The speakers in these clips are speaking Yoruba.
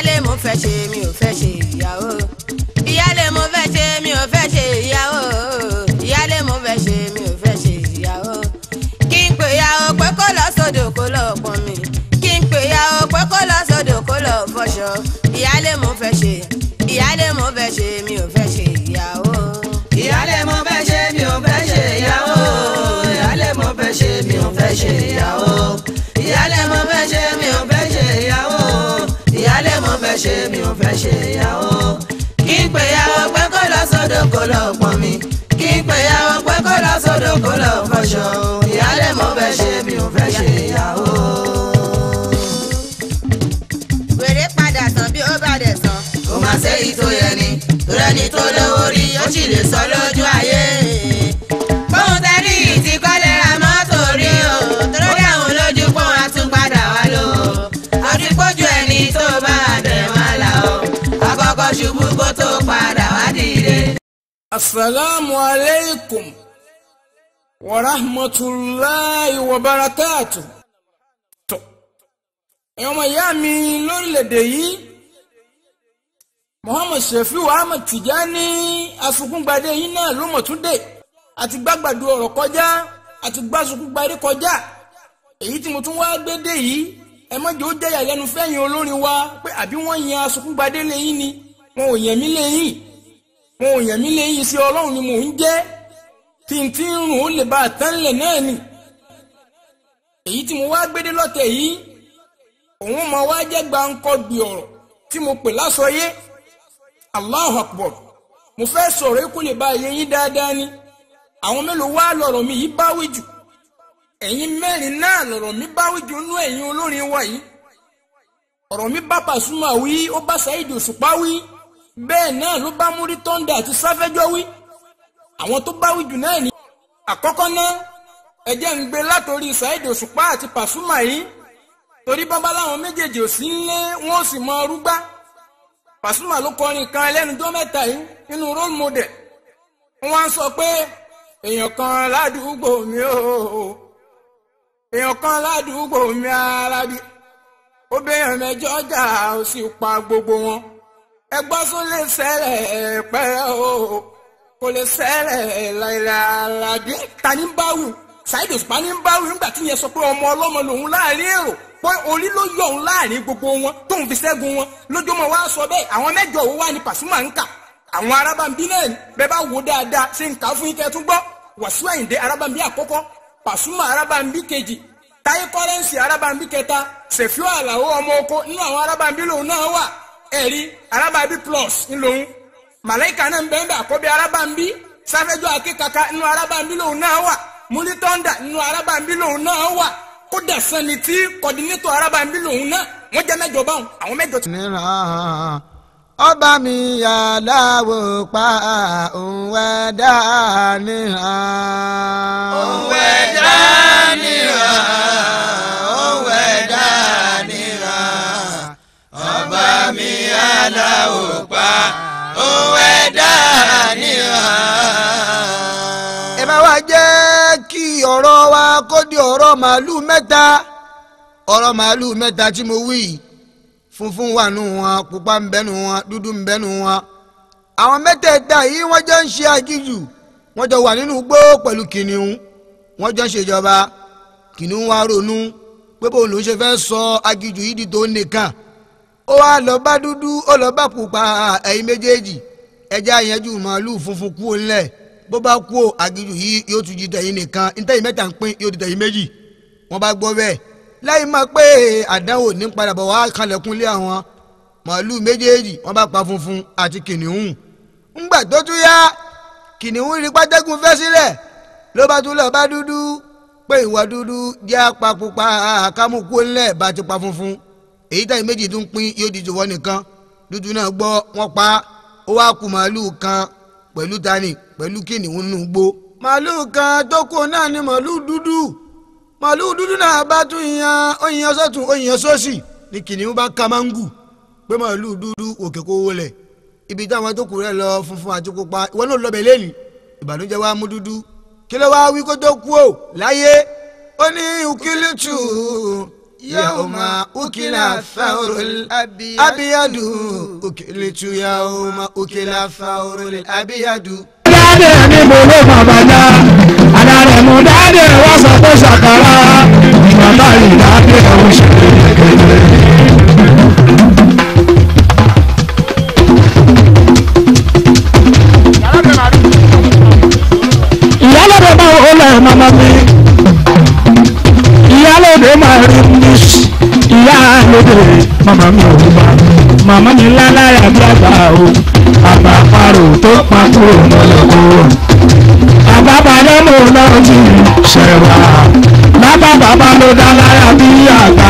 ìyálé mo fẹ́ ṣe mi ò fẹ́ ṣe ìyàwó ìyálé mo fẹ́ ṣe mi ò fẹ́ ṣe ìyàwó ìyálé mo fẹ́ ṣe mi ò fẹ́ ṣe ìyàwó kí n pè ìyàwó pé kó lọ sódò kó lọ pọn mi kí n pè ìyàwó pé kó lọ sódò kó lọ fọṣọ ìyálé mo fẹ́ ṣe ìyálé mo fẹ́ ṣe mi ò fẹ́ ṣe ìyàwó. ìyálé mo fẹ́ ṣe mi ò fẹ́ ṣe ìyàwó ìyálé mo fẹ́ ṣe mi ò fẹ́ ṣe ìyàwó ìyálé mo fẹ́ ṣe mi ò fẹ́ ṣe ìyàwó fẹ́ ṣe mi ò fẹ́ ṣe ìyàwó kí n pè yàwó pé kó lọ sódò kó lọ pọn mi kí n pè yàwó pé kó lọ sódò kó lọ fọṣọ ìyálé mo fẹ́ ṣe mi ò fẹ́ ṣe ìyàwó. wèrè padà tán bí ó bá dẹ̀ tán. kò má ṣe èyí tó yẹ ni tó rẹ́ni tó lówó rí ó sì lè sọ lójú ayé. ṣubú kó tó padà wá dìde. asalaamu aleykum wa rahmatulahi wa barakatu. ọmọ ìyá mi lórílẹ̀ yìí Muhammad Sefiu Ahmed Tijani asukungbadé yìí náà ló mọ̀ tún dé àti gbàgbàdo ọ̀rọ̀ kọjá àti gbàsukungbadé kọjá èyí tí mo tún wá gbé dé yìí ẹ mọ̀jẹ̀ ó jẹ́ ìyàlẹ́nu fẹ́yìn olórin wa pé àbí wọ́n yan asukungbadé lẹ́yìn ni. wọn ò yàn mí lẹ́yìn wọn ò yàn lẹ́yìn sí ọlọ́run ni mò ń jẹ́ n ti ń rùn ó lè ba àtẹ́lẹ̀ náà nì èyí tí mo wá gbédé lọ́tẹ̀ yìí òun máa wá jẹ́ gbáǹkọ́ gbì ọ̀rọ̀ tí mo pè lásọyé Allahu Akbar mo fẹ́ sọ̀rọ̀ kó lè ba ayé yín dáadáa ni àwọn mélòó wá lọ̀rọ̀ mi yìí báwí jù ẹ̀yin mẹ́rin náà lọ̀rọ̀ mi báwí jù nú ẹ̀yin olórin bẹ́ẹ̀ náà ló bá múrí tọ́ndà àti sáfẹ́jọ́ wí àwọn tó bá wí jù náà ní. àkọ́kọ́ náà ẹ̀jẹ̀ ń gbé látòrí Saheed Òṣùpá àti Pasuma yìí torí bọ́bá láwọn méjèèjì ò sí nílé wọn ò sì mọ ọrúgbá Pasuma ló kọrin kan ẹlẹ́nu tó mẹ́ta yìí nínú role model wọ́n sọ pé èèyàn kan ládùúgbò mi ò èèyàn kan ládùúgbò mi arábí ó bẹ́ẹ̀ mẹ́jọ jà ó sì pa gbogbo wọn. ẹ gbọ́ sún lè ṣẹlẹ̀ pẹ́rẹ́ o kò lè ṣẹlẹ̀ láìláàládé ta ní bá wù Saheed Osupa ní bá wù nígbà tí yẹn sọ pé ọmọ ọlọ́mọ lòun láàrin èrò pé orí ló yọ òun láàrin gbogbo wọn tóun fi ṣẹ́gun wọn sọ bẹ́ẹ̀ àwọn mẹ́jọ òun wà ní ń kà àwọn náà bá wò dáadáa ṣe ń kà fún gbọ́ kẹta ọmọ oko nínú ẹ̀rí araba bí plus ńlòun màláìka náà ń bẹ́ẹ̀ bẹ́ẹ̀ àkọ́bí araba ń bí sáfẹ́jọ́ araba ń bí lòun náà wà múlítọ́ndà nínú araba ń bí lòun náà wà kódà sani tí araba ń bí lòun náà wọ́n jẹ́ mẹ́jọ báwọn àwọn mẹ́jọ ti. ọba mi yà paa pa òun wẹ́ dáa lánà ò pa òun ẹ̀dá níhàn. ẹ bá wa jẹ́ kí ọ̀rọ̀ wa kó di ọ̀rọ̀ màálù mẹ́ta ọ̀rọ̀ màálù mẹ́ta tí mo wí funfun wà nù wọn pupa ń bẹ nù wọn dúdú ń bẹ nù wọn àwọn mẹ́tẹ̀ẹ̀ta yìí wọ́n jọ ń ṣe àjíjù wọ́n jọ wà nínú gbó pẹ̀lú kìnìún wọ́n jọ ń ṣèjọba kìnìún wa ronú pé bóun ló ń ṣe fẹ́ sọ àjíjù yìí di tó nìkan ó wá lọ bá dúdú ó lọ bá pupa ẹ̀yin méjèèjì ẹja yẹnjú màálù funfun kú ńlẹ̀ bó bá kú ò agijù yìí yóò tún di tẹ̀yìn nìkan ntẹ̀yìn mẹ́ta ń pín yóò di tẹ̀yìn méjì wọ́n bá gbọ́ bẹ́ẹ̀ láì máa pé àdánwò ní padà bọ̀ wá kanlẹ̀kùnlé àwọn màálù méjèèjì wọ́n bá pa funfun àti kìnìún ńgbà tó tún yá kìnìún rí pátákùn fẹ́ sílẹ̀ ló bá tún lọ bá dúdú pé ìwà dúdú jẹ́ apá pupa àkàmùkú ńlẹ̀ bá ti pa funfun èyí táyì méjì tún pín yóò di jòwọ́ nìkan dúdú náà gbọ́ wọ́n pa ó wá kú màálù kan pẹ̀lú tani pẹ̀lú kìnìún nínú gbó. màálù kan tó náà ni màálù dúdú màálù dúdú náà bá tún yan oyin sọ́tún oyin sósì ni kìnìún bá ka máa ń gù pé màálù dúdú òkè kó wọlé ibi táwọn tó kù rẹ̀ lọ funfun àti pupa ìwọ náà lọbẹ lẹni ìbànújẹ́ wa mú dúdú kí ló wá wí kó tó kú o láyé ó ní ìkílítù yawma ukila thawrul abiyadu ukilitu yawma ukila thawrul abiyadu. dáadé ni mo ló bàbá dá adarẹ̀ mo dáadé wá sọ pé ṣàkàrà bàbá yìí dáadé ọ̀hún ṣe kékeré. ìyálòde máa ń olè mama mi ìyálòde máa rí mi lóde màmá mi ò gbà màmá mi lálára bí àgbà o bàbá parò tó pa kúrò lọ́lọ́kọ́ bàbá padà mò ń lọ sí ṣẹ̀wá bàbá bàbá ló dá lára bí àgbà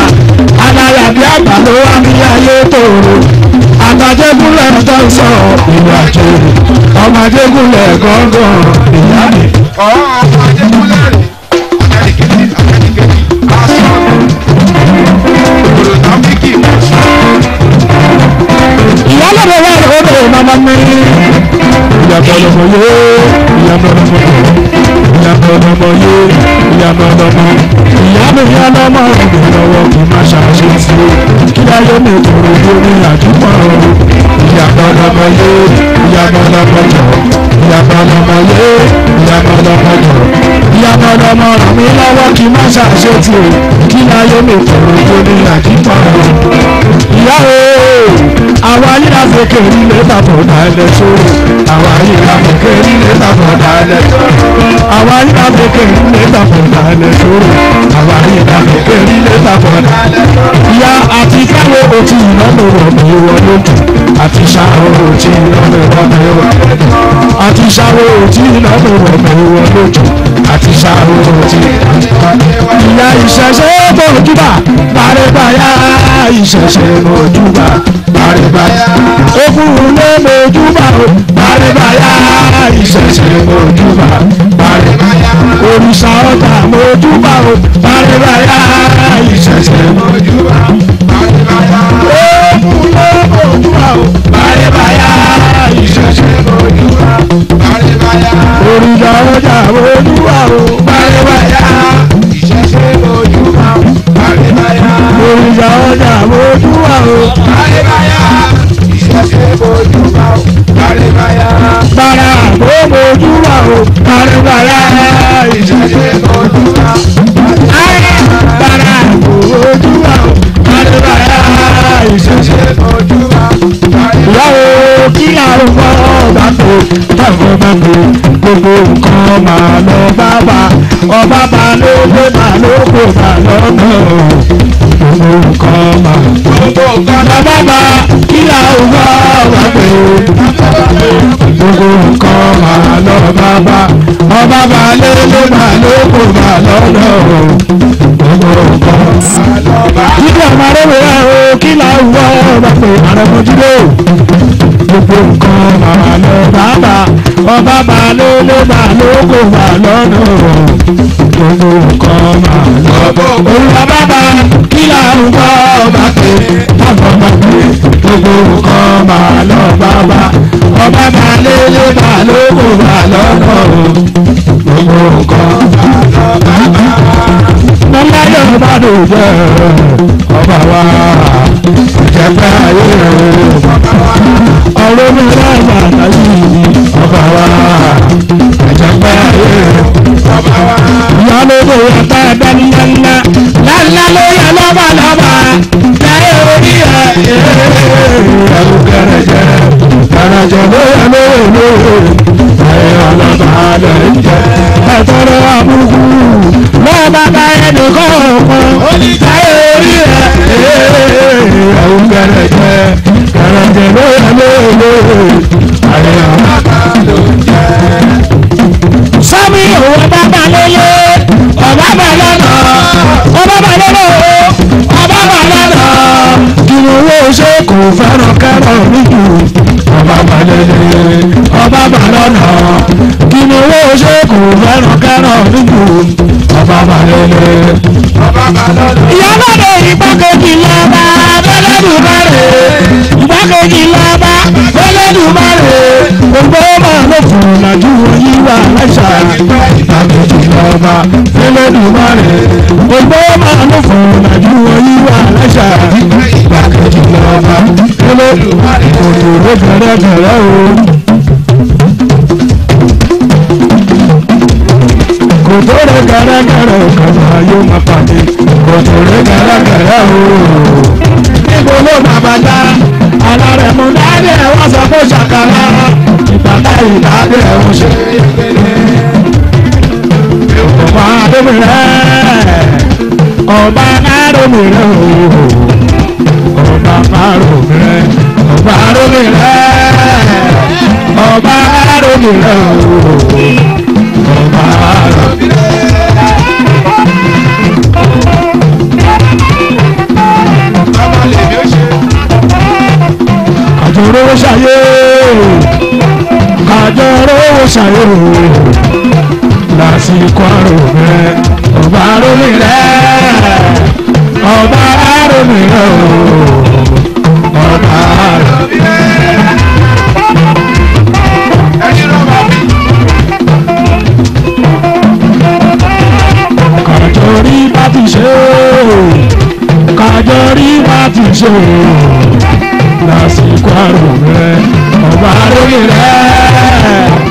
alára bí àgbà ló wá ní ayé tòrò àgbàdégúnlẹ̀ tó ń sọ ìlú àjò ọmọdégúnlẹ̀ gángan ìyá mi. mami. Ìyàbọ̀ lọmọ yó, ìyàbọ̀ lọmọ yó, ìyàbọ̀ lọmọ yó, ìyàbọ̀ lọmọ. Ìyá mi yá lọ́mọ rẹ̀ lọ́wọ́ kí má ṣàṣe sí o. Kí láyé mi tòrò bí omi àdúgbò o. Ìyàbọ̀ lọmọ yó, ìyàbọ̀ lọmọ yó, ìyàbọ̀ lọmọ yó, ìyàbọ̀ lọmọ yó. Ìyàbọ̀ lọmọ rẹ̀ mi lọ́wọ́ kí má ṣàṣe sí o. Kí láyé mi tòrò bí omi àdúgbò o. Ìyá o àwa yìí la fi kiri lẹ́tà tó dalẹ̀ sórí. àwa yìí la fi kiri lẹ́tà tó dalẹ̀ sórí. àwa yìí la fi kiri lẹ́tà tó dalẹ̀ sórí. àwa yìí la fi kiri lẹ́tà tó dalẹ̀ sórí. ìyá àti káwé òtí ìnáwó ọ̀bí wọlé tù. àti ṣàwó òtí ìnáwó ọ̀bí wọlé tù. àti ṣàwó òtí ìnáwó ọ̀bí wọlé tù àti ṣàrò ìyá ìṣẹ̀ṣe mọ̀júbà bàrẹ̀bàyà ìṣẹ̀ṣe mọ̀júbà bàrẹ̀bàyà okùnlé mọ̀júbà bàrẹ̀bàyà ìṣẹ̀ṣe mọ̀júbà bàrẹ̀bàyà òrìṣà ọ̀tà mọ̀júbà bàrẹ̀bàyà ìṣẹ̀ṣe mọ̀júbà bàrẹ̀bàyà okùnlé mọ̀júbà bàrẹ̀bàyà ìṣẹ̀ṣe mọ̀júbà bàrẹ̀bàyà òrìṣà ọ̀tà mọ̀júbà o. Bàrẹ̀bàyà ìṣẹ̀ṣe ojú wa o. Bàrẹ̀bàyà òrìṣà ọjà ojú wa o. Bàrẹ̀bàyà ìṣẹ̀ṣe ojú wa o. Bàrẹ̀bàyà bàrà àbò ojú o. Bàrẹ̀bàyà ìṣẹ̀ṣe ojú wa o. kí àwọn ọba tó tẹ̀wọ́ bá tó gbogbo nǹkan máa lọ bá wa ọba bá ló ló bá ló kó bá lọ́nà gbogbo nǹkan máa. gbogbo nǹkan máa bá wa kí àwọn ọba tó gbogbo nǹkan máa lọ bá wa ọba bá ló ló bá ló kó bá lọ́nà gbogbo nǹkan máa lọ bá wa. ìdí àwọn arẹ́wẹ̀ẹ́ o kí làwọn ọba tó àrẹ̀mọ́jú lò gbogbo nǹkan máa lọ bàbá ọba balẹ̀ ló bá lóko wà lọ́nà gbogbo nǹkan máa lọ bọ̀. olùwà bàbá kí làwọn gbọ́ ọba pé táwọn ọba pé gbogbo nǹkan máa lọ bàbá ọba balẹ̀ ló bá lóko wà lọ́nà gbogbo nǹkan máa lọ bàbá. Mọ́lá yóò bá dùn jẹ́ ọba wa, ìjẹ́pẹ́ ayé rẹ̀ ọba lómi láàbà láyé ọba wa àjàgbá ayé ọba wa. ìyá ló lò wọ́n tá a dání lánàá lánàá ló yẹ lọ́ba lọ́ba láyé orí ẹ̀. ẹ̀rù kẹrẹjẹ kẹrẹjẹ ló yẹ lóore lóore láyé ọlọ́ba lọ jẹ. ẹ̀tọ́rọ àbúkú lọ́ba bá ẹnì kọ̀ọ̀kan láyé orí ẹ̀. ẹ̀rù kẹrẹjẹ àyà. sọ́mi òwe bàbá lélẹ̀ ọ̀bá bà lọ́nà ọ̀bá bà lọ́nà ọ̀bá bà lọ́nà. ìrọ̀wọ́ ṣe kò fẹ́ràn kẹ́rọ̀ níyù ọ̀bá bà lélẹ̀ ọ̀bá bà lọ́nà ìrọ̀wọ́ ṣe kò fẹ́ràn kẹ́rọ̀ níyù ọ̀bá bà lélẹ̀ ọ̀bá bà lọ́nà. ìyá bàbá ìgbàkejì lọ́ba bẹ́lẹ́ bùbá rẹ̀ ìgbàkejì ìtàkùjì lọ́ba fẹlẹ́dùmarè gbogbo máa mú fún ọ̀làjú oríwà aláṣà ìtàkùjì lọ́ba fẹlẹ́dùmarè òkòrò gẹ̀rẹ́gẹ̀rẹ́ o. kòtòrè gẹ̀rẹ́gẹ̀rẹ́ kàmá yóò máa pàdé kòtòrè gẹ̀rẹ́gẹ̀rẹ́ o. níbo ló máa bá dá alárẹ̀mú dáadé wọ́n sọ fún ṣàkàrà ìbàdàn ìdáadé ẹ̀hún ṣe é ọba adomire ọba naromire o ọba naromire ọba aromire ọba aromire o ọba aromire. Àjọ̀rò ṣayé, àjọ̀rò ṣayé lásìkò ọrùn rẹ ọba rómi rẹ ọba rómi rẹ ọba rómi rẹ. kàjọrí bá ti ṣe kàjọrí bá ti ṣe lásìkò ọrùn rẹ ọba rómi rẹ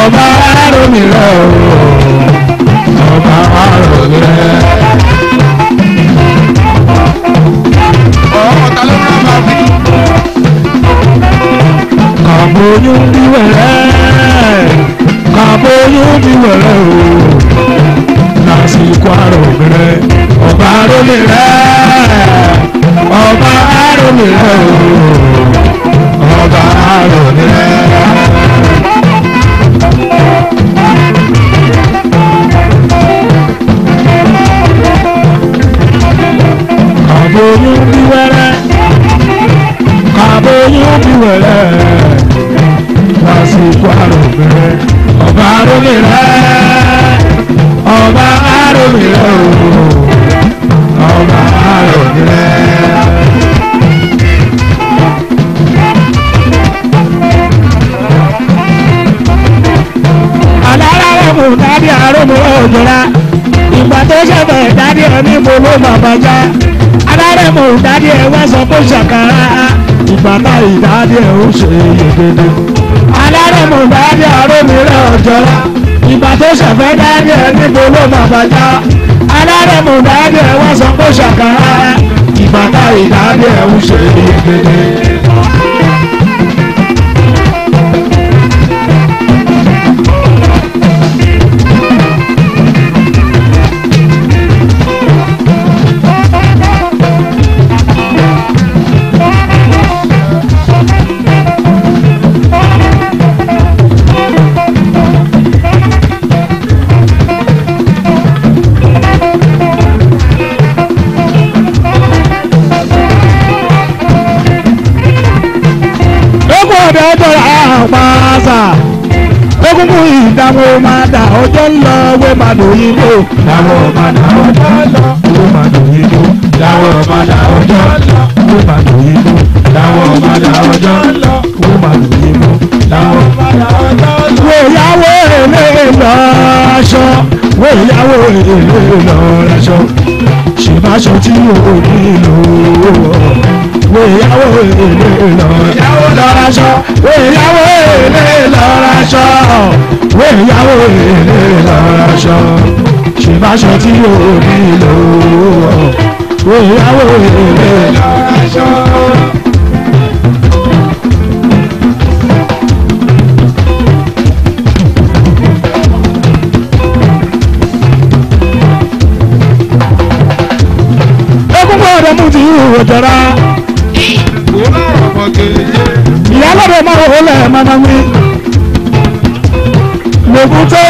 ọba arò mi rẹ o ọba arò mi rẹ. kàbóyún bí wẹ̀rẹ̀ kàbóyún bí wẹ̀rẹ̀ o lásìkò arò mi rẹ ọba arò mi rẹ ọba arò mi rẹ ọba arò kàbóyún bí wẹ́rẹ́ kàbóyún bí wẹ́rẹ́ lásìkò àròbìnrin ọba àròbìnrin ọba àròbìnrin ọba àròbìnrin. mú dádì àrùn mú òjòrá ìgbà tó ṣẹ̀fẹ̀ dádì ẹni mo ló bàbá já alárẹ̀mọ̀ ìdádì ẹ̀ wá sọ fún ṣàkàrà ìgbàgbà ìdádì ẹ̀ ó ṣe yegede alárẹ̀mọ̀ ìdádì àrómìíràn ọ̀jọ́ra ìgbà tó ṣẹ̀fẹ́ dádì ẹ̀ níbo ló máa bàjá alárẹ̀mọ̀ ìdádì ẹ̀ wá sọ fún ṣàkàrà ìgbàgbà ìdádì ẹ̀ ó ṣe yegede. tó ń lọ wé máa lò yín lò. Làwọn ọmọ náà ọjọ́ lọ, owó máa lò yín lò. Làwọn ọmọ náà ọjọ́ lọ, owó máa lò yín lò. Làwọn ọmọ náà ọjọ́ lọ, owó máa lò yín lò. Làwọn ọmọ náà ọjọ́ lọ. Wòyáwó èlé lọ aṣọ, wòyáwó èlé lọ aṣọ. Ṣèbáṣọ tí o nílò ìyàwó èlé lọ́ra ìyàwó lọ́ra ṣọ ìyàwó èlé lọ́ra ṣọ ìyàwó èlé lọ́ra ṣọ ṣe bá ṣọ tí o nílò ìyàwó èlé lọ́ra ṣọ.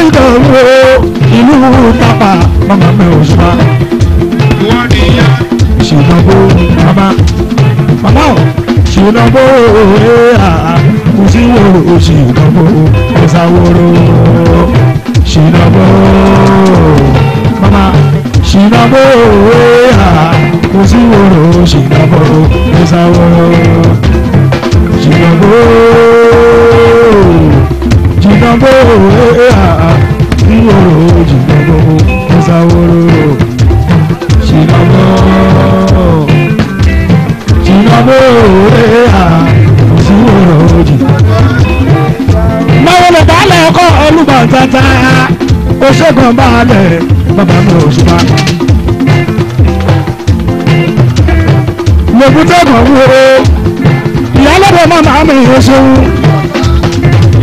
ìdòwò ìlú tápà màmá mi ò sùn máa. wọ́n ní yá. ṣìnàbó màmá màmá ò ṣìnàbó òye à kò sí òòrùn ṣìnàbó ọ̀sàwòrò ṣìnàbó màmá ṣìnàbó òye à kò sí òòrùn ṣìnàbó ọ̀sàwòrò ṣìnàbó jìnnàbó òye à. Shigoro, Shigoro, Osaworo, Shigoro, Shigoro, Eha, Shigoro, Shigoro. Báwo lè balẹ̀ ọkọ̀ olùbàdàdà? Ó ṣẹ́gun balẹ̀ bàbá mi ò ṣùgbà. Lòkútẹ́ kan wúro, ìyálẹ́bẹ̀ màmá mi ò ṣeun,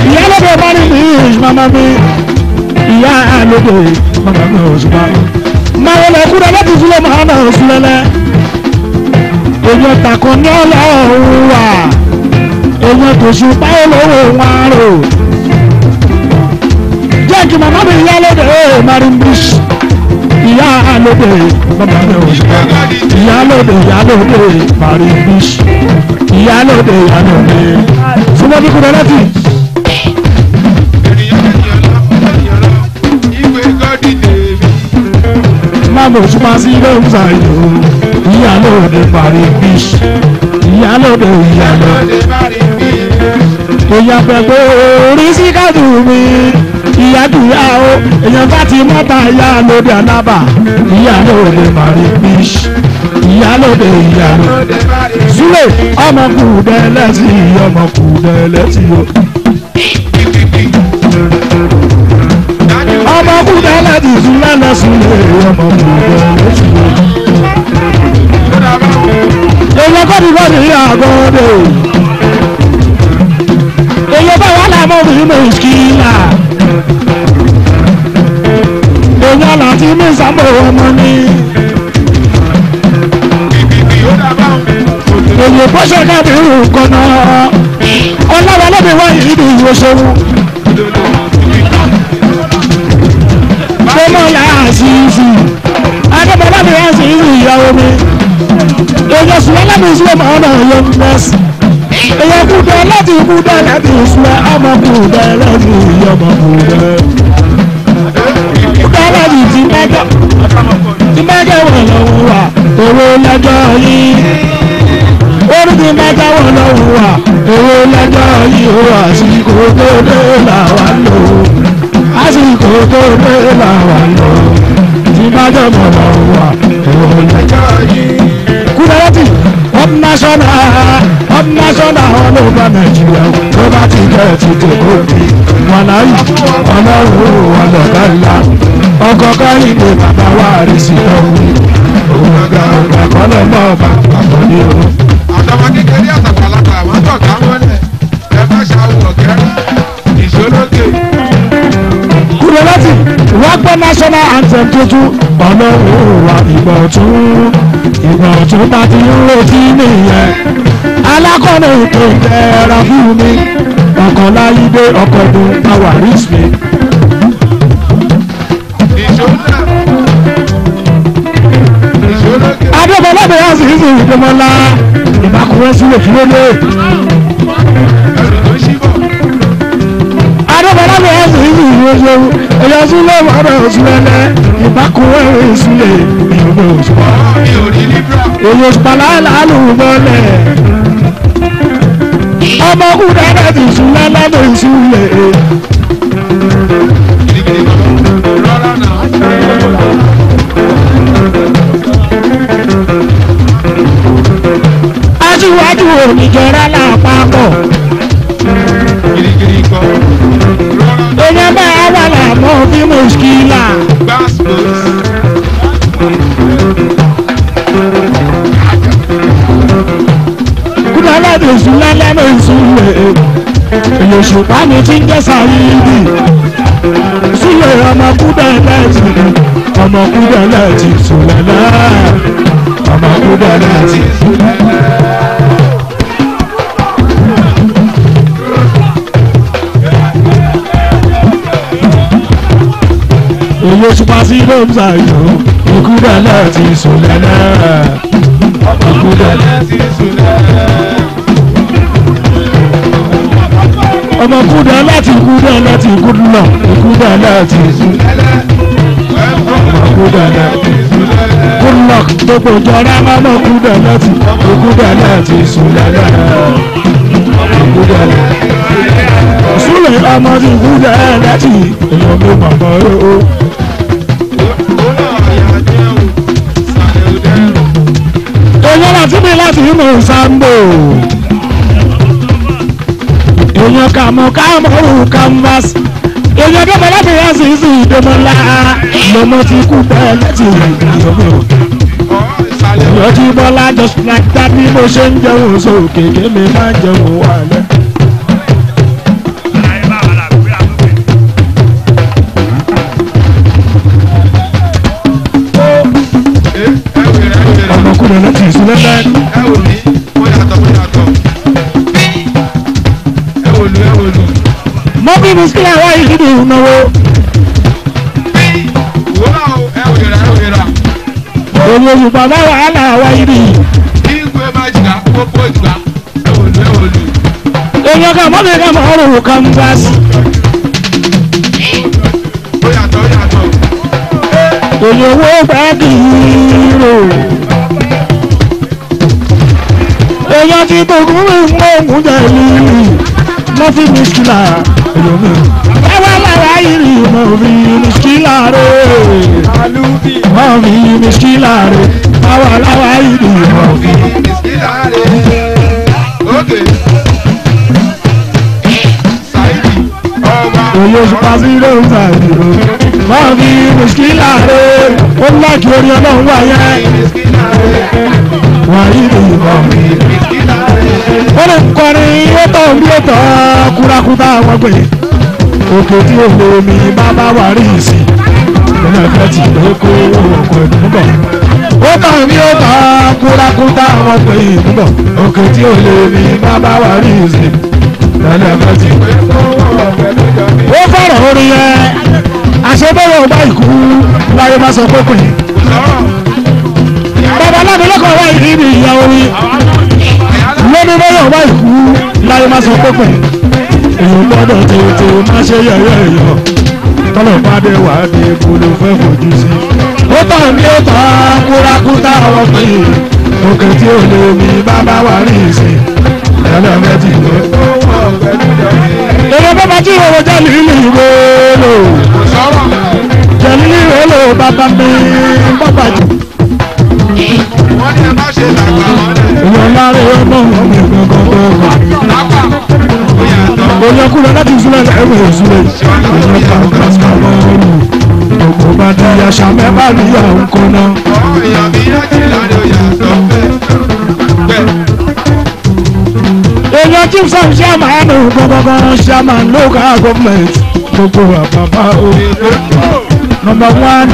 ìyálẹ́bẹ̀ bá ní mi ìyìn màmá mi ìyá lóde mama mi ò ṣùgbọ́n. máa wọlé kúrò láti sílẹ̀ máa nà sílẹ̀lẹ̀. èèyàn tàkàn ní ọlọ́run wà èèyàn tòṣù báyìí lówó wọn rò. jẹ́ kí màmá mi ìyá lóde marin bush ìyá lóde màmá mi ò ṣùgbọ́n. ìyá lóde ìyá marin bush ìyá lóde ìyá lóde. fúnbọ́n ní kúrò láti. mọ̀ súnmọ́ sí lóòótọ́ ìlú ìyálòde parí bíṣì ìyálòde ìyálòde parí bíṣì. èèyàn orí sí kádù mi ìyádùúyá o èèyàn bá ti mọ́ta ìyálòde alábà ìyálòde parí bíṣì ìyálòde ìyálòde. zule ọmọ kùdẹ́lẹ́ sí ọmọ kùdẹ́lẹ́ sí o. ọmọ kùdẹ́lẹ́ láti sùn lánàá sùn lè ọmọ ògbẹ́ lóṣù. èèyàn bọ́dì bọ́dì yà gbọ́dọ̀. èèyàn bá wà láàmú mi mọ̀ ìkìlà. èèyàn láti mí sábò ọmọ ni. èèyàn bọ́sẹ̀ káàdì rù kọ́nà. ọlọ́wọ́ lóbi wáyé ìdí ìwòsàn. àṣìṣù adébọlá mi àṣìṣù ìyàwó mi èyí ṣùgbọ́n láti ìṣúwọ́ màá nà ọ̀yọ́ mẹ́sì èyí kúdẹ láti kúdẹ láti ìṣúwọ́ ọmọ kúdẹ láti ìyọ́ ọmọ kúdẹ kúdẹ láti ti mẹ́jọ ti mẹ́jọ wọ̀ lọ́wọ́ wa owó lẹ́jọ́ yìí orí ti mẹ́jọ wọ̀ lọ́wọ́ wa owó lẹ́jọ́ yìí ó wà sí kókó dé làwọn lò ó lásìkò tó pé làwà lọ ìbàdàn mọ̀nà wà òun lẹ́jọ́ yìí. kúrẹ́rẹ́tì up national up national all over Nigeria tó bá ti jẹ́ ti tèkó bí wàláyé ọlọ́run ọlọ́gá ńlá ọgọ́gá ìdè bàbá wa rí sí lọ́wọ́ òun ọ̀gá ọ̀gá kọ́lọ́ mọ́ ọba ní o. àtàwọn kékeré àtàwọn. ìwé láti wá gbọ́ national anthem tuntun ọlọ́run wa ìgbà ọ̀tún ìgbà ọ̀tún bá ti ń retí nìyẹn alákọ̀ọ́nà ètò ìtẹ̀ra fún mi ọkọ̀ láyé dé ọkọ̀ ìdún power reach me. adébọ̀lọ́bẹ̀ yà sí ìsìn ìdúnmọ́lá ìbákùrẹ́sílẹ̀ kí ló dé. mi ìwé ṣeun ẹ̀yà sílẹ̀ wàrà òṣùlẹ̀lẹ̀ ìbákùnrin ìsúlẹ̀ ìyọ̀bọ̀ òṣùpá. èyí òṣùpá láàlú gbọ́lẹ̀. ọmọkùnrin ẹ̀rọ ti ìṣúlẹ̀ lẹ́nu ìṣúlẹ̀. aṣíwájú òní jọra lápapọ̀. kọ́ bí mùsùkìlà. kúlọ́lá ló sùn lálẹ́ ló sùn lé èyàn ṣùpá mi ti ń jẹ́ sàyíìdì sílẹ̀ ọmọkúdẹ̀ láti ọmọkúdẹ̀ láti sùn lálẹ́ ọmọkúdẹ̀ láti sùn lálẹ́. òṣùpá sí lọ́mùsà yòó ikú dáná ti sùn lẹ́nà ikú dáná ti sùn lẹ́nà. ọmọ kúdà láti kúdà láti kúdùnà kúdà láti sùn lẹ́nà ọmọ kúdà láti sùn lẹ́nà. kúdùnà gbogbo ìjọra máa ná kúdà láti kúdà láti sùn lẹ́nà kúdà láti sùn lẹ́nà. Súlẹ̀ ọmọ ti kúdà láti èèyàn ló mọ̀ mọ́ èèyàn láti mi láti inú sambo èèyàn kàmú kàmú canvas èèyàn dọ́gbọ̀ láti yá sí sí ìdọ́mọ ńlá lọ́mọ ti kú bẹ́ẹ̀ láti ìdọ́mọ. èèyàn jí bọ́lá just like that ni mo ṣe ń jẹun sókè kémi máa ń jẹun wà rẹ̀ ló ti sùn ẹ wò mí wọ́n yàtọ̀ wọ́n yàtọ̀ ẹ wò lù ẹ wò lù. mọ́bí muskila wà yìí nínú ìnáwó. wò náà ẹ wò yẹra ẹ wò yẹra. òwò yorùbá náà wà á nà yìí nìyí. kí n gbé má jìgá kó kó jìgá ẹ wò lù ẹ wò lù. èèyàn kan mọ́bí kan mọ́ ọ̀rọ̀ wò kan bá sí. ó yàtọ̀ bá dì í rò ẹ̀yà tí gbogbo rẹ̀ ń mọ̀ ògùn jẹ́ ìlú mọ́fí mìsíkìlà ẹlòmíì. Báwa lára ìrì mọ̀ mi rẹ̀. Mọ̀ mi rẹ̀. Báwa lára ìrì mọ̀ mi rẹ̀. Oyo supasi ló ń ta ìdìbò. Mọ̀ mi mìsíkìlà rẹ̀. Ó láti orí ọlọ́run wáyé. ní nkọrin yóò bí ètò kúrakúta wọn gbé òkè tí ó fò mí bàbá wà rí ìsìn ìpínlẹ̀ fẹ́tì ló kó òkò ìdúbọ̀ ó kàn mí ó tàn kúrakúta wọn gbé ìdúbọ̀ òkè tí o lè mí bàbá wà rí ìsìn ìpínlẹ̀ fẹ́tì. ó fọ̀rọ̀ orin yẹn àṣebọ̀wọ̀ ọba ìkú láyé bá sọ pé pè. bàbá náà mi lọ́kọ̀ọ́ wá ìrírí ìyá orin ìwé ní bọ́lá ọba ìkú láyé má sọ pé pẹ̀ èyí gbọ́dọ̀ tètè má ṣe yẹ̀yẹ́ èèyàn tọ́lọ̀ bá dé wà á dé kó ló fẹ́ fojú sí. ó tàn ní ó tàn kúrakúta ọ̀rọ̀ pé òkè tí ò lè mi bàbá wà rí ìsìn ẹlẹ́mẹ́ ti lọ. èrè bàbá tí ìrọ̀rọ̀ jẹ́ nílùú ìwé lò jẹ́ nílùú ìwé lò bàbá mi bàbá jù wọ́n ní ẹ má ṣe làgbà mọ́lẹ̀. ìwọ láre ọmọ mi gbọ́dọ̀ wà. lápá bá di àṣà mẹ́fà níyà ń kọ́nà. èèyàn mi yá jì láre yà tọ́ bẹ́ẹ̀. èèyàn chief sam ṣàmánù gbọgbọgbọ ṣàmánù local government gbogbo àbàbà o. number one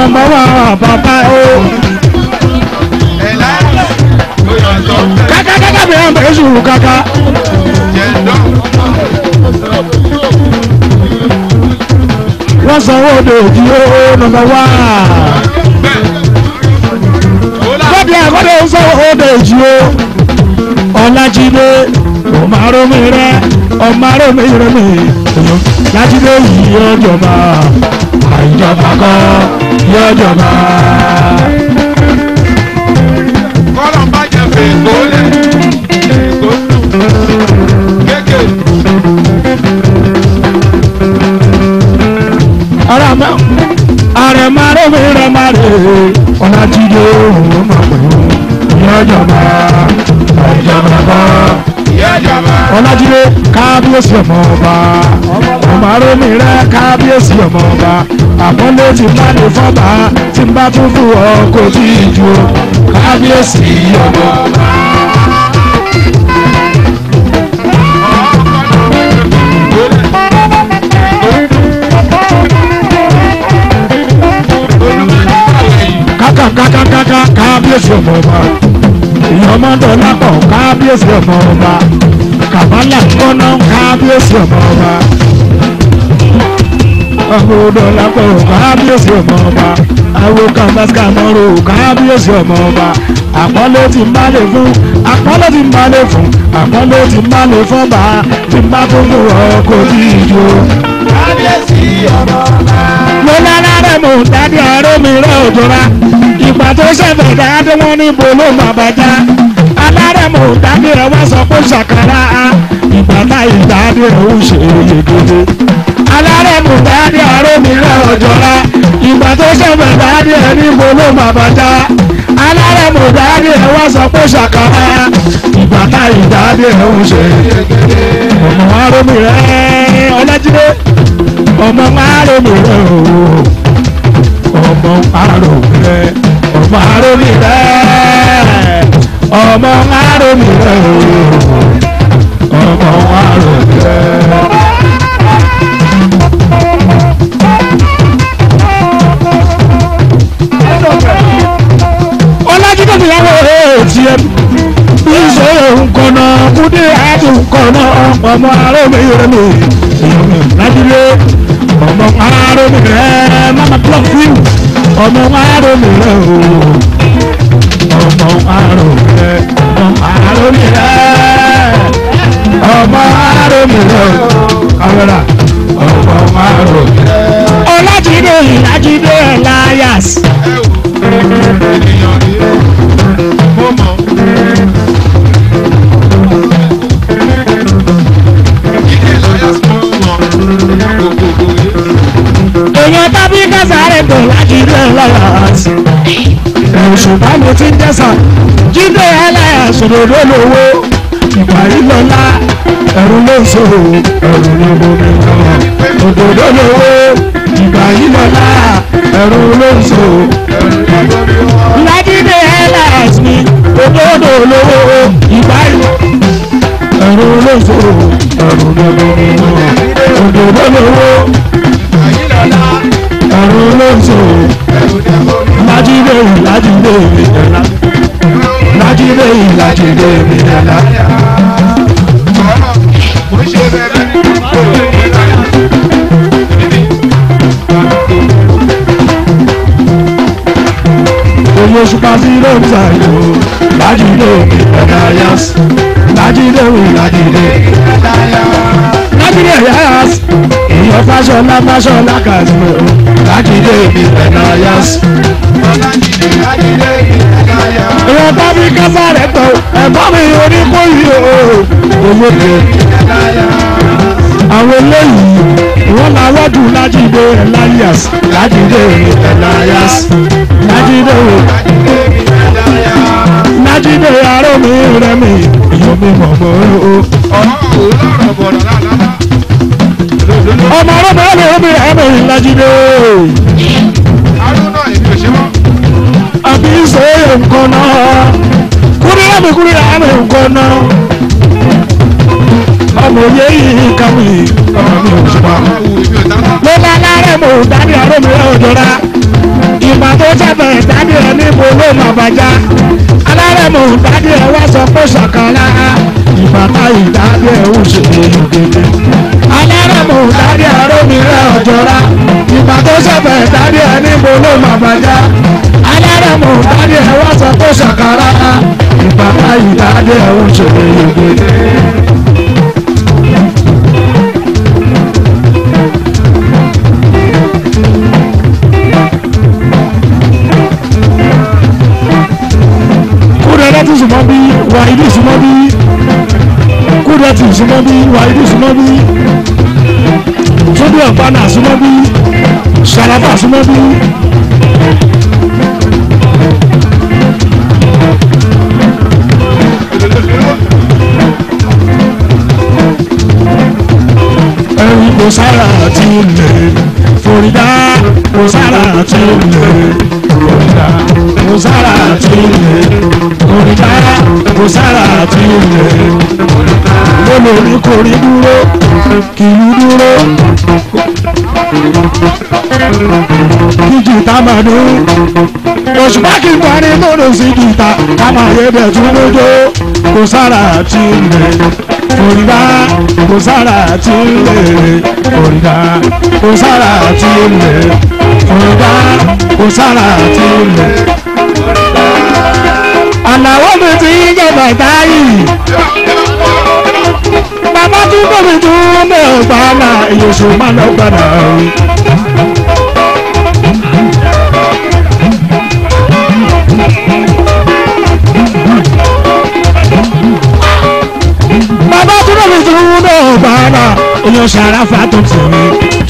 number one àbàbà o. an bɛɛ suru ka kan. wọ́n sanwó dòjì ó nọmba wá. bọ́bí àkọ́dé ń sanwó dòjì ó ọ̀làjìdé ọ̀màrọ̀mí rẹ̀ ọ̀màrọ̀mí rẹ̀ mi lájídé yìí yọjọba àìjọba kọ́ yọjọba. mare mire mare ọ̀nà jíjó òun máa pẹ̀lú ìyájọba ìyájọba Ona kábíyèsí ọmọ ọba ọmọaromi rẹ kábíyèsí ọmọ ọba àpọ́nlé ti bá lè fọ́ba tí n bá tún fún ọ kò tí ì ju kábíyèsí ọmọ ọba. kákákáká kábíyèsí ọmọ ọba ìyọmọdọlá kan kábíyèsí ọmọ ọba kàbálà kọ́nà kábíyèsí ọmọ ọba ọmọdọlá kan kábíyèsí ọmọ ọba awo kàmbásíkà mọ́rò kábíyèsí ọmọ ọba àpọ́nlé ti ń bá lè fún àpọ́nlé ti ń bá lè fún àpọ́nlé ti ń bá fún bá ti ń bá tó ọkọ̀ bí ijó. kábíyèsí ọmọ ọba. mo lára rẹ̀ mò ń mi rẹ̀ òjòra ìgbà tó ṣẹ̀fẹ̀ dáadé wọn ní bolo màbàjá alárẹ̀mọ̀ òdábì rẹ̀ wọ́n sọ pé ṣàkàrà ìgbà náà ìdáadé rẹ̀ ń ṣe yegede alárẹ̀mọ̀ dáadé àrò mi rẹ̀ ọ̀jọ̀ra ìgbà tó ṣẹ̀fẹ̀ dáadé rẹ̀ ní bolo màbàjá alárẹ̀mọ̀ dáadé rẹ̀ wọ́n sọ pé ṣàkàrà ìgbà náà ìdáadé rẹ̀ ń ṣe yegede ọmọ àrò mi rẹ̀ ọlẹ́jídé ọmọ àrò mi rẹ̀ ọmọ àrò mi rẹ̀ ọmọ arómi rẹ̀ ọmọ arómi rẹ̀ ọmọ arómi rẹ̀. ìyàwó ètí ẹ ìṣe nkànnà kúndé àti nkànnà ọmọ arómi rẹ mi lábílẹ̀ ọmọ arómi rẹ mama plug fíw ọmọ márùn mi rẹ o ọmọ márùn mi rẹ ọmọ márùn mi rẹ ọmọ márùn mi rẹ ọmọdà ọmọ márùn mi rẹ. ọlájídé ìlájídé elias. ènìyàn dùn láti ilé ẹlẹ́yàs. Òṣùpá mo ti ń dẹ́sà. Jíde ẹlẹ́yàs òdòdó lówó. Ìparí lọ́lá. Ẹ̀rù ló ń so ẹ̀rù ní bomi lọ. Òdòdó lówó. Ìparí lọ́lá. Ẹ̀rù ló ń so ẹ̀rù ní bomi lọ. Lájídé ẹlẹ́yàs ni òdòdó lówó. Ìparí ẹ̀rù ló ń so ẹ̀rù ní bomi lọ. Òdòdó lówó olóṣè lájídé ìlàjídé ìdẹ̀lá lájídé ìlàjídé ìdẹ̀lá. Oye ṣùpá sí ló ń sàyò, lájídé ìdẹ̀lá yas, lájídé ìlàjídé ìdẹ̀lá yas, lájídé yas, èèyàn na fásọlá kàdúrà. Ajídé Ibenayas. Ìwọ bá mi kápá rẹ̀ tọ̀, ẹ̀bá mi oníkóyì o, owó tẹ. Àwọn eléyìí, wọ́n máa wọ́dù Lájídé Ibenayas. Lájídé Ibenayas. Lájídé Ibenayas. Lájídé aró mi rẹ̀ mi, ìyó mi mọ̀ mọ́ o. Ọ̀rọ̀ òun lọ́rọ̀ bọ̀dọ̀ lánàá ọmọ ọlọ́mọ ọlọ́mọ ọlọ́mọ ẹ̀mọ ìlàjìdè. arúnà èmi ò ṣe mọ́. àbí sèé nǹkan náà kúrú lámì kúrú lámì nǹkan náà ọmọ òye yìí kàwé ọmọ mi ò ṣe mọ́. ló bá lárẹ̀ mọ̀ dání àròmí rẹ̀ òjòra ìgbà tó jábẹ̀ dání rẹ̀ níbo ló mà bàjá alárẹ̀ mọ̀ dání rẹ̀ wá sọ pé ṣàkàlà ìbàtà ìdádé ẹ̀ ń ṣe é lógede alárẹ̀mú dárí àrómìíràn ọ̀jọ́ra ìgbà tó ṣẹ̀fẹ̀ dárí ẹ̀ níbo ló mà bàjá alárẹ̀mú dárí ẹ̀ wá sọ tó ṣàkárá ìgbà báyìí dárí ẹ̀ ń ṣòro yege. kúrẹ́rẹ́tì sùnmọ́ bí wàhídì sùnmọ́ bí kúrẹ́rẹ́tì sùnmọ́ bí wàhídì sùnmọ́ bí. Túndé Ọ̀pánà súnmọ́ bí Ṣàràbà súnmọ́ bí. ẹ̀rù kò sára àti ilẹ̀ Florida kò sára àti ilẹ̀ Florida kò sára àti ilẹ̀ Florida musára àti ilẹ̀ lọ́nà oníkòrí dúró kìlú dúró kí jìtá máa dún òṣùpá kí buhari tó lò sí jìtá ká máa yẹ bẹ̀ tún lójó kò sára àti ilẹ̀ òrìdá kò sára àti ilẹ̀ òrìdá kò sára àti ilẹ̀ òrìdá kò sára àti ilẹ̀ òrìdá àlàó mi ti ń jẹ bàtà yìí. bàbá tún bòmí tún mẹ́ ọ̀gbà náà ìyẹ̀sù máa lọ gbàdá o. bàbá tún bòmí tún mẹ́ ọ̀gbà náà ìyẹ̀sù àràfà tó ti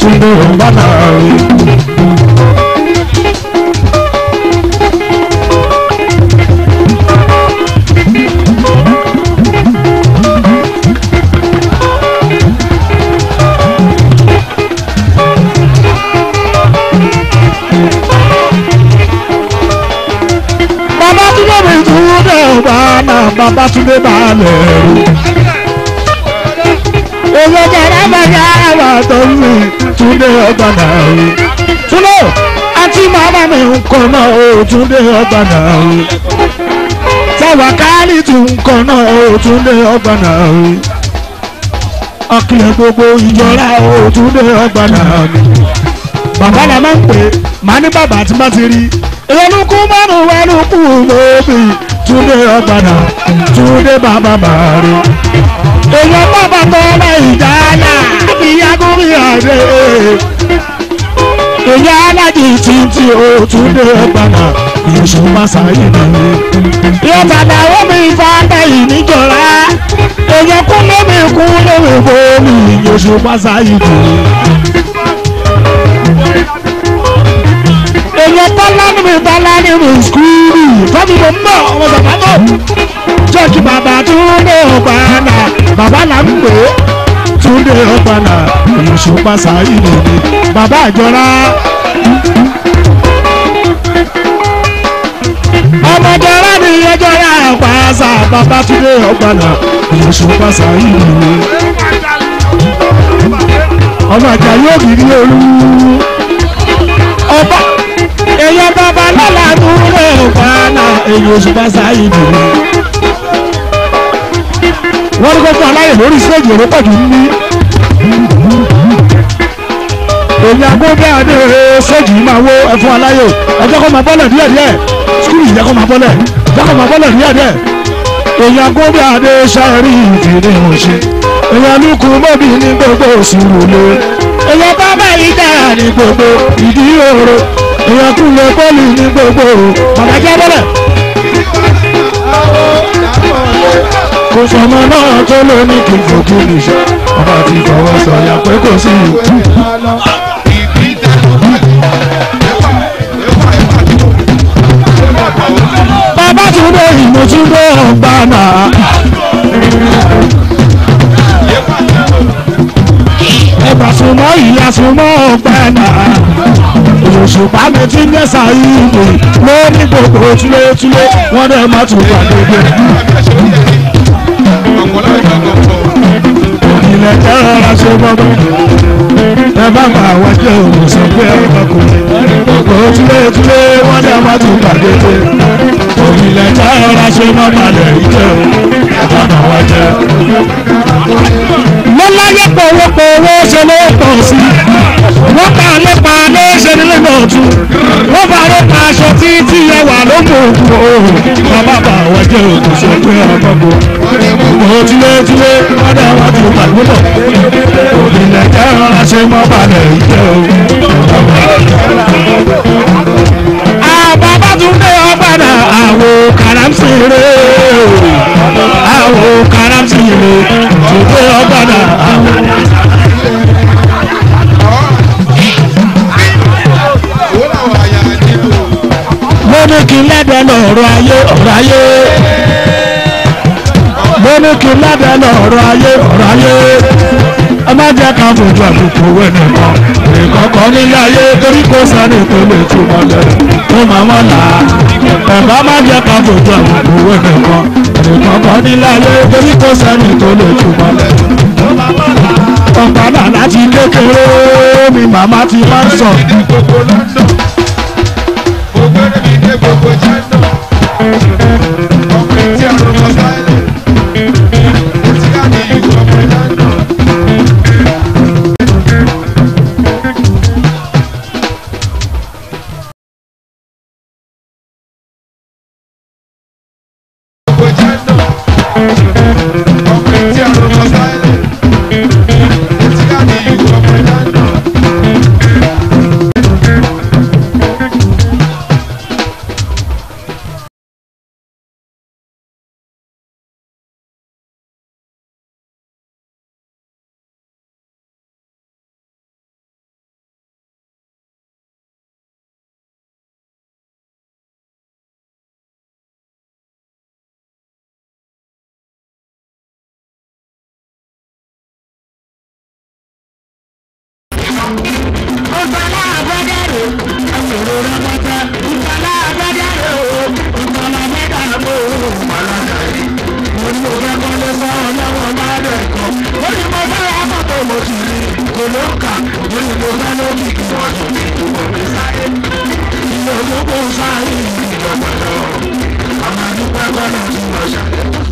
rí tún bòmí màmá Babátúndé balẹ̀ o. Owó jẹrẹ bẹ̀rẹ̀ àwọn àtọ́jú Túndé Ọ̀gbànà o. Túndé àti màmá mi ń kọ́ náà o Túndé Ọ̀gbànà o. Sàwákàlì tún ń kọ́ náà o Túndé Ọ̀gbànà o. Ọ̀kìlẹ̀ gbogbo ìjọra o Túndé Ọ̀gbànà mi. Bàbá la máa ń pè é, màá ní bàbá tí má ti rí. Ìrọ̀lùkú márùn-ún wẹ́nu kù lóbi. Túndé ọ̀gbàdà Túndé bàbá bàárẹ̀. èèyàn bàbá tó ọmọ ìjàlá ìyá gómi àárẹ̀. ìyá alájì títí o Túndé ọ̀gbàdà ìṣó màsà ìdè. yóò padà wọ́n mi fa bẹ́yìn níjọra èèyàn kún lómi kún lómi bómi ìṣó màsà ni. bọ́lá ni mi bọ́lá ni mi skúlì fẹ́mi mo mọ̀ ọmọ bàbá mọ̀ jọ́ọ̀kì bàbá túnde ọ̀gbàna bàbá là ń pè é túnde ọ̀gbàna ìṣùpá sàyìnbó ni bàbá àjọra. ọmọdé ọlá ni ẹjọ́ yà pàṣà bàbá túnde ọ̀gbàna ìṣùpá sàyìnbó ni. ọmọ àjà yóò kiri olú èèyàn bàbá lọ́la nùrẹ̀ ògbàna èèyàn Òṣùpá Sáyìdì. wọ́n ní kókó aláyè lórí stéèjì èrò pọ̀jù ní. èèyàn gbọ́dọ̀ àdé stéèjì yìí máa wó ẹ̀fún aláyè ẹ̀jẹ̀ kó máa bọ́lẹ̀ díẹ̀díẹ̀ skul yìí jẹ́ kó máa bọ́lẹ̀ jẹ́ kó máa bọ́lẹ̀ díẹ̀díẹ̀. èèyàn gbọ́dọ̀ àdé sáré ìfìdí ìrànṣẹ́ èèyàn lukú mọ́bí ní gbogbo òsì rúlé èèyàn bá bá yí dáa ní gbogbo ìdí òru èèyàn tún lè pọ́lì ní gbogbo ọ̀nà jábọ́lẹ̀. kò sọmọ náà tó ló ní kí n fojú mi ọba ti fọwọ́ sọ̀yà pé kò sí ìtú. bàbá tún dé ìmọ̀túndé ọ̀gbà náà. ẹ̀bà súnmọ́ ìyá súnmọ́ ọ̀gbà náà òṣùpá mi ti ń dẹ́sà ìlú lórí gbogbo túlétúlé wọ́n dẹ̀ má tún gbàgbé. ìlẹ̀ jẹ́ rárá ṣe gbọ́dọ̀ ẹ bá bá àwọn ẹgbẹ́ òun sọ pé ẹ bá kú gbogbo túlétúlé wọ́n dẹ̀ má tún gbàgbé. ìlẹ̀ jẹ́ rárá ṣe má balẹ̀ ìjẹun ẹ bá bá wá jẹ láyé pòwópò owó ṣe ló pọ̀ sí wọ́n kà lépa léṣe nílé náà tú wọ́n bá lépa aṣọ tí tí ẹ wà ló mú òkú o bàbá bá wọ́n jẹ́ òkú ṣe pé ọmọ bò mo túlé túlé ọdẹ wọn ti wà lọ́dọ̀ òbílẹ̀ kẹrin ṣe mọ́ balẹ̀ ìjẹ́ o. àbá bá tún dé ọgbàdà àwò kàrà ń ṣeré o àwò kàrà ire ṣùgbọ́n ọ̀gbàdà àwọn. lónìí kí lẹ́dẹ̀ẹ́ lọ ayé ọ̀rọ̀ ayé lónìí kí lẹ́dẹ̀ẹ́ ayé ọ̀rọ̀ ayé ẹ má jẹ́ ká fojú àbùkù owó ẹnìkan ìkọ̀kọ̀ nílé ayé torí kò sẹ́ni tó lè tú mọ́lẹ̀ tó máa wọ́n là á ẹ̀bá má jẹ́ ká fojú àbùkù owó ẹnìkan ìkọ̀kọ̀ nílé ayé torí kò sẹ́ni tó lè tú mọ́lẹ̀ tó máa wọ́n là á. ọ̀padà láti kékeré mi màmá ti máa ń sọ. gbogbo ẹni mi dé gbogbo jẹ́ náà. ló kà lórí mo fẹ́ ló kì kí wọ́n tún bí ìwọ mi sáré. ìlú olóko sáré ìlú ọ̀gbọ̀dọ̀ ọmọ nípa gbọ́dọ̀ tí wọ́n ṣàlẹ̀ tó fi.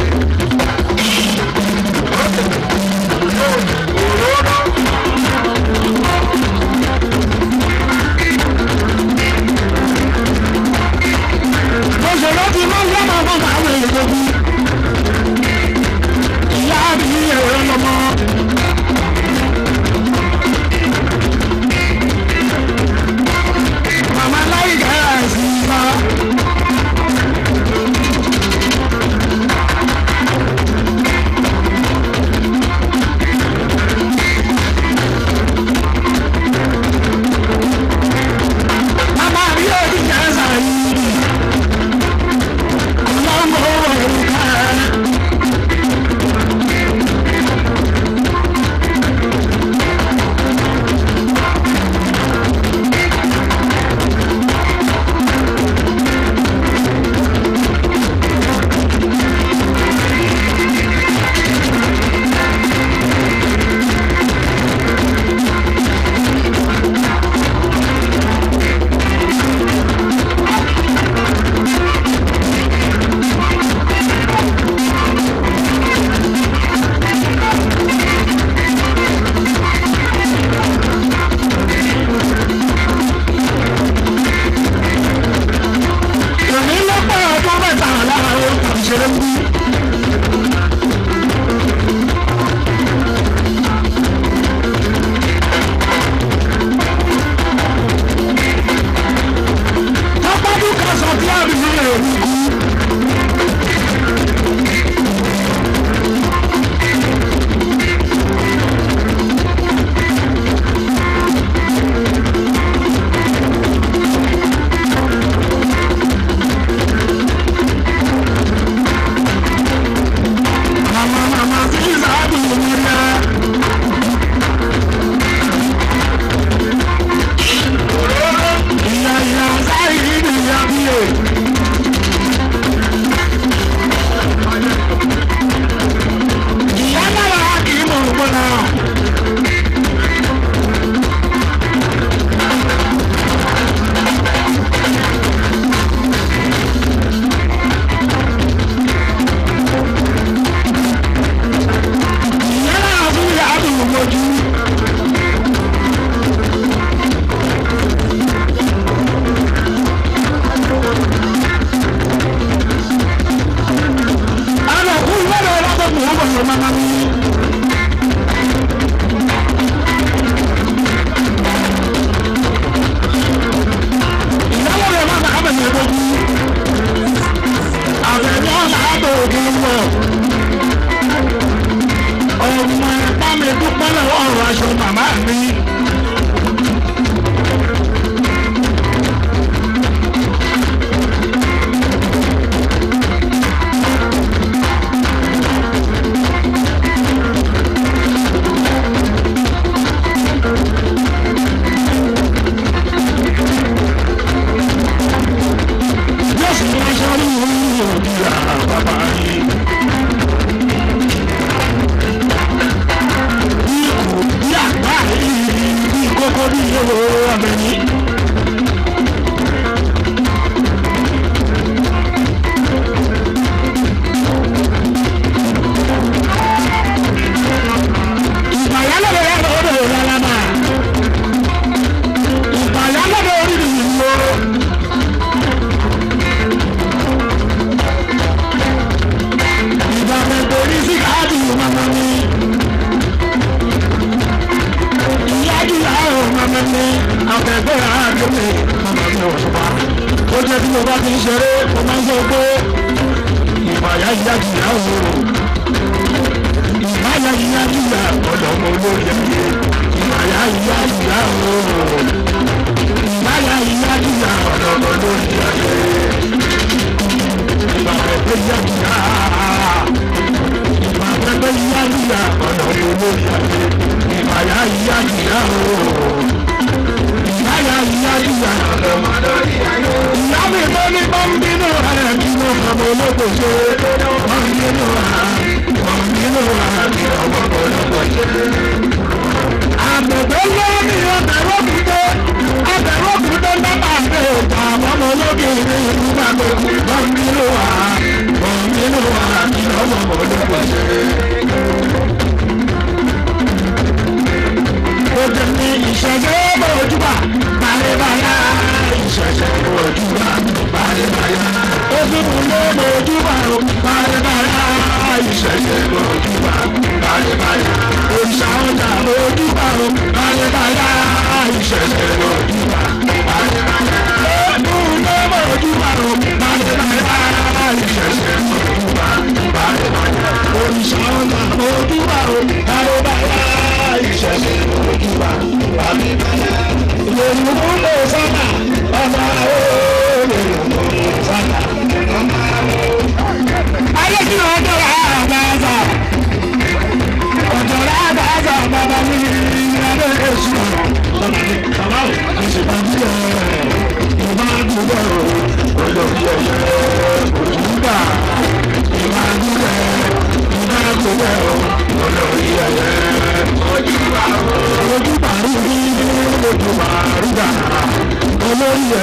yẹ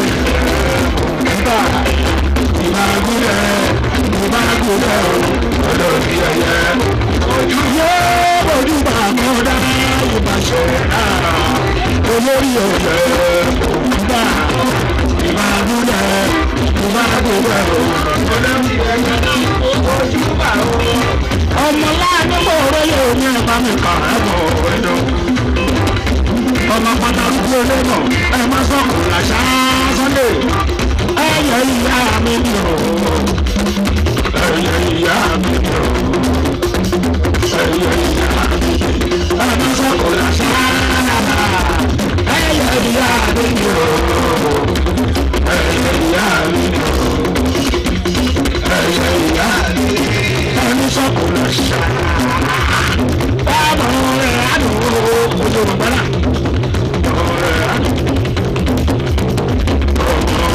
nígbà ìmàgùnlẹ̀ ìmàgùnlẹ̀ ọ̀dọ̀ sí ẹyẹ ojú yẹ ojú bá mọ́ dá ìbáṣẹ náà olórí ọ̀yẹ nígbà ìmàgùnlẹ̀ ìmàgùnlẹ̀ ọ̀dọ̀ sí ẹyẹ ojú bá mọ́. ọmọláàánú mọ̀ ọ́rọ́ yóò ní ẹ̀ka mi kàn án mọ̀ ọ́rọ́ yóò ọmọ pàtàkì olóńgbò ẹ má sọkò làṣà sunday ẹ yẹ ìyá mi mi o ẹ yẹ ìyá mi mi o ẹ yẹ ìyá mi mi ẹ má sọkò làṣà ẹ yẹ ìyá mi mi ẹ yẹ ìyá mi mi ẹ yẹ ìyá mi mi ẹ má sọkò làṣà yorùbá náà.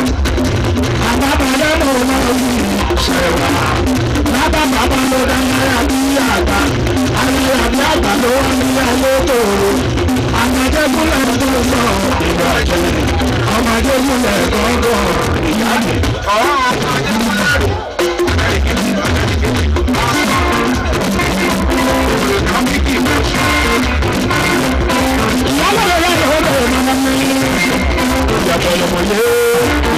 àbábàdá ló lọ́ọ́ yìí ṣe wá. lábàbàbà ló dáná àbí àgbà ayé àbí àgbà ló wà ní ayé tòrò. ìyàbọ̀ lọ́mọ yẹn.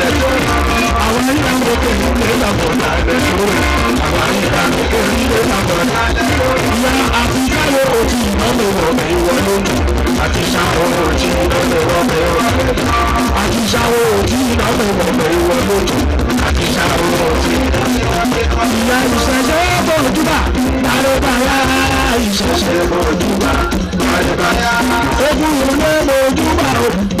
lálẹ́ tó. Àwọn ayé ń gòkè nílé lọ́kọ̀ lálẹ́ tó. Àwọn ayé ń gòkè nílé lọ́kọ̀ lálẹ́ tó. Ìyá àti káyọ̀ òtí ìnáwó ọ̀bẹ ìwọ lónìí. Àti ṣàwọ̀ òtí ìnáwó ọ̀bẹ ìwọ lónìí. Àti ṣàwọ̀ òtí ìnáwó ọ̀bẹ ìwọ lónìí. Àti ṣàwọ̀ òtí ìyá ìṣẹ̀ṣẹ̀ bọ̀dúbà àrẹ̀bàyà ìṣẹ̀ṣẹ̀ bọ̀dúbà àrẹ̀bàyà ogun ìwé bọ̀dúbà òkú.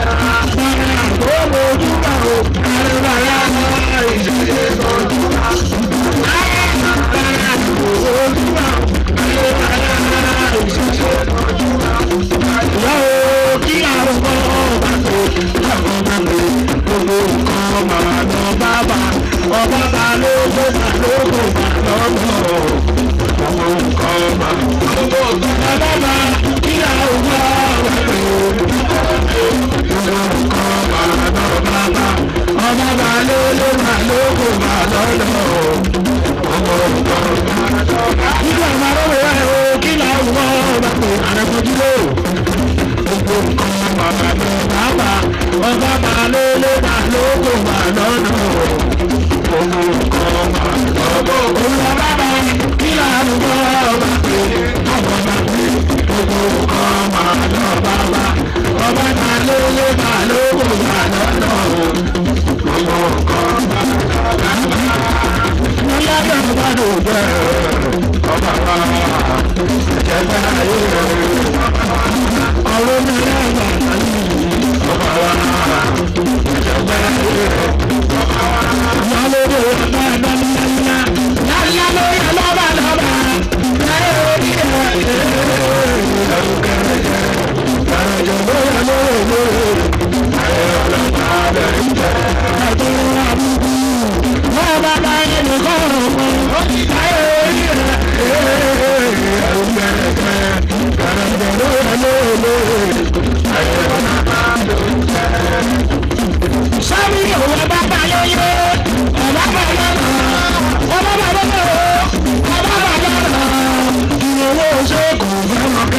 òwúrọ̀ bàbá yìí kí làlùkọ́ ọba pé ọba bá pé gbogbo nǹkan máa lọ bá wa ọba ta ló lé bá lóko bá lọ́dọ̀ gbogbo nǹkan máa lọ bá wa. mo yára gbọ́dọ̀ ṣe kò fẹ́ mọ́.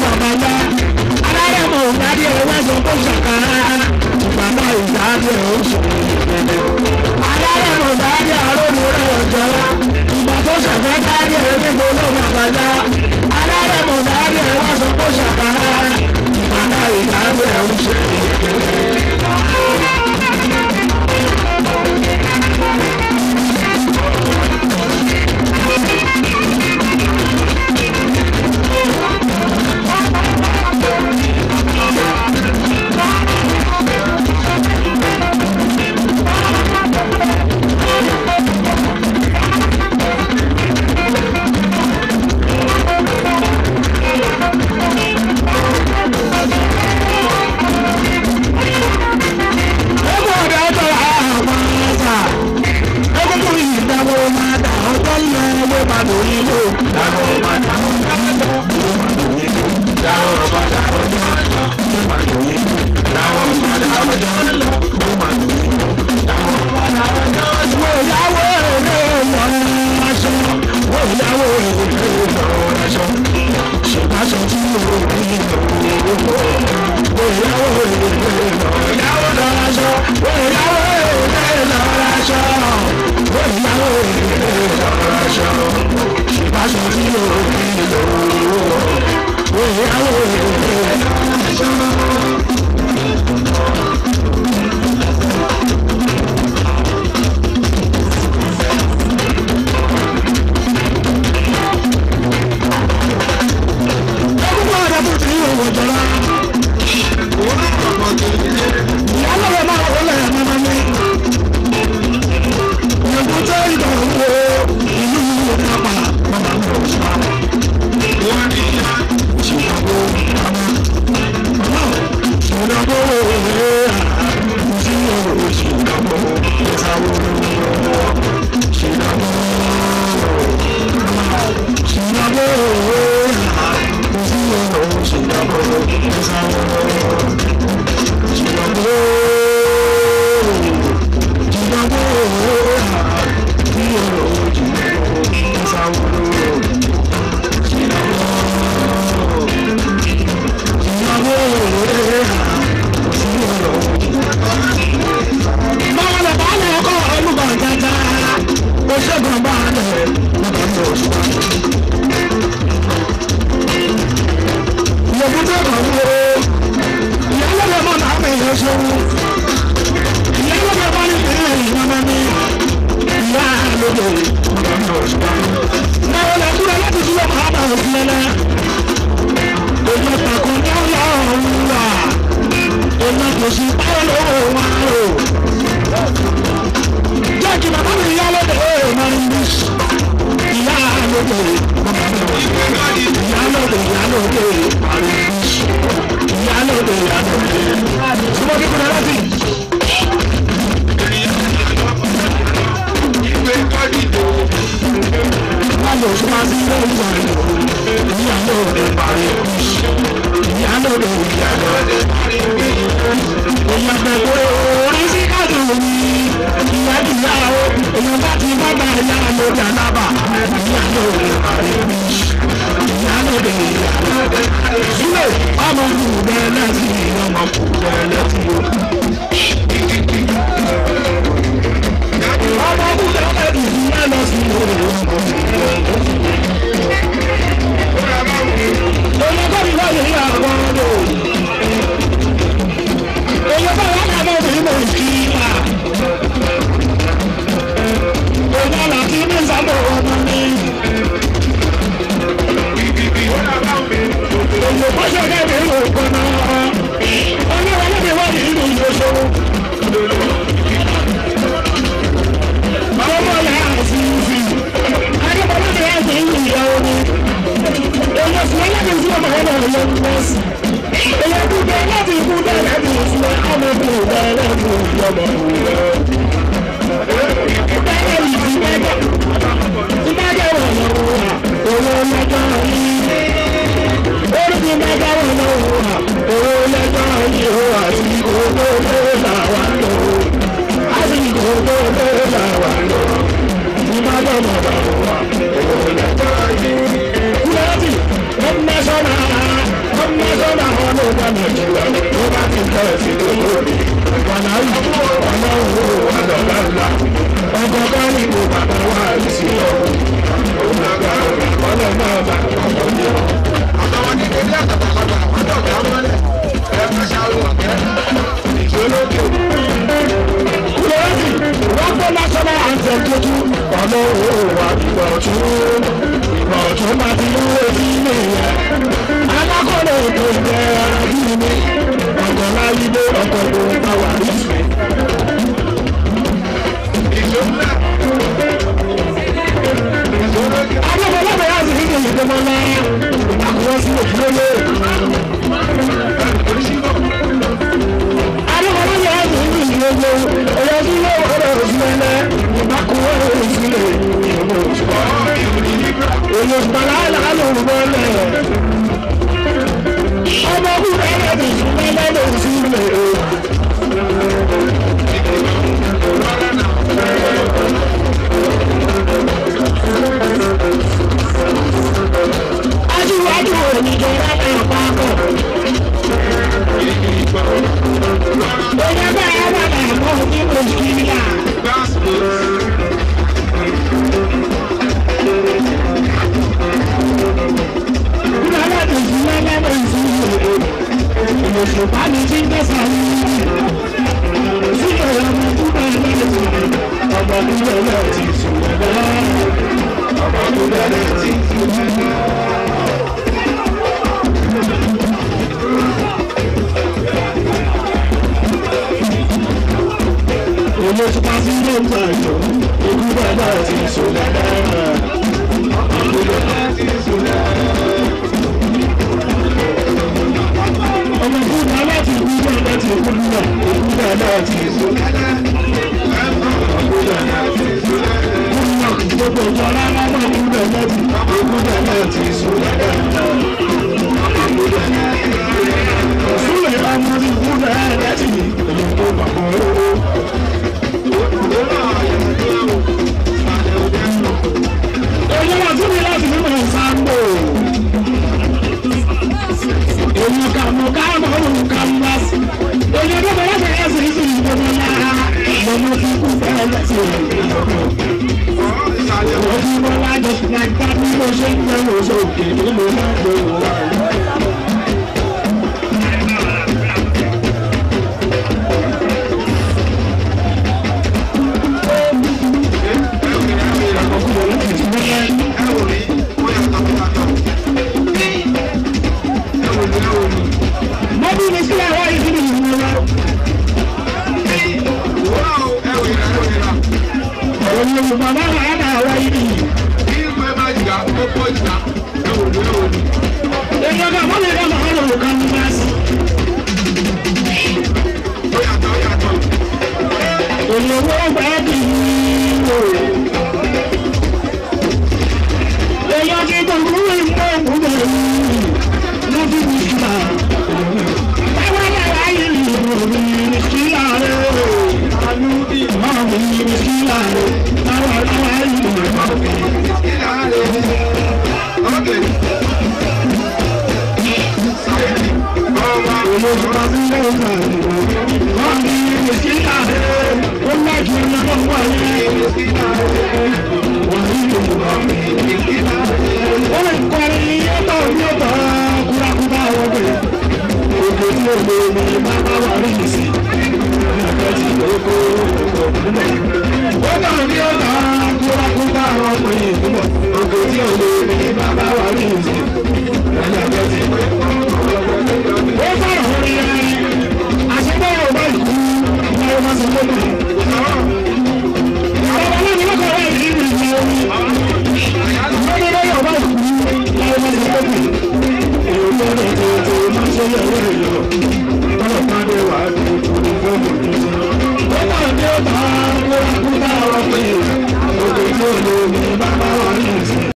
màmá yá aráyé mọ̀ òun adé ẹ̀ wá sọ fún ṣàkà bàbá ìdáàbí ẹ̀ ó sọ. aráyé mọ̀ òun adé àròmọ rẹ̀ ọ̀jọ́ ìgbà tó ṣàkà dáadé ẹ̀ nígbà ló bàbá yá aráyé mọ̀ òun adé ẹ̀ wá sọ fún ṣàkà bàbá ìdáàbí ẹ̀ ó sọ. aṣọ aṣọ tí o fi lò ó. Oyè àwọn òyìnbó rẹ̀ aṣọ.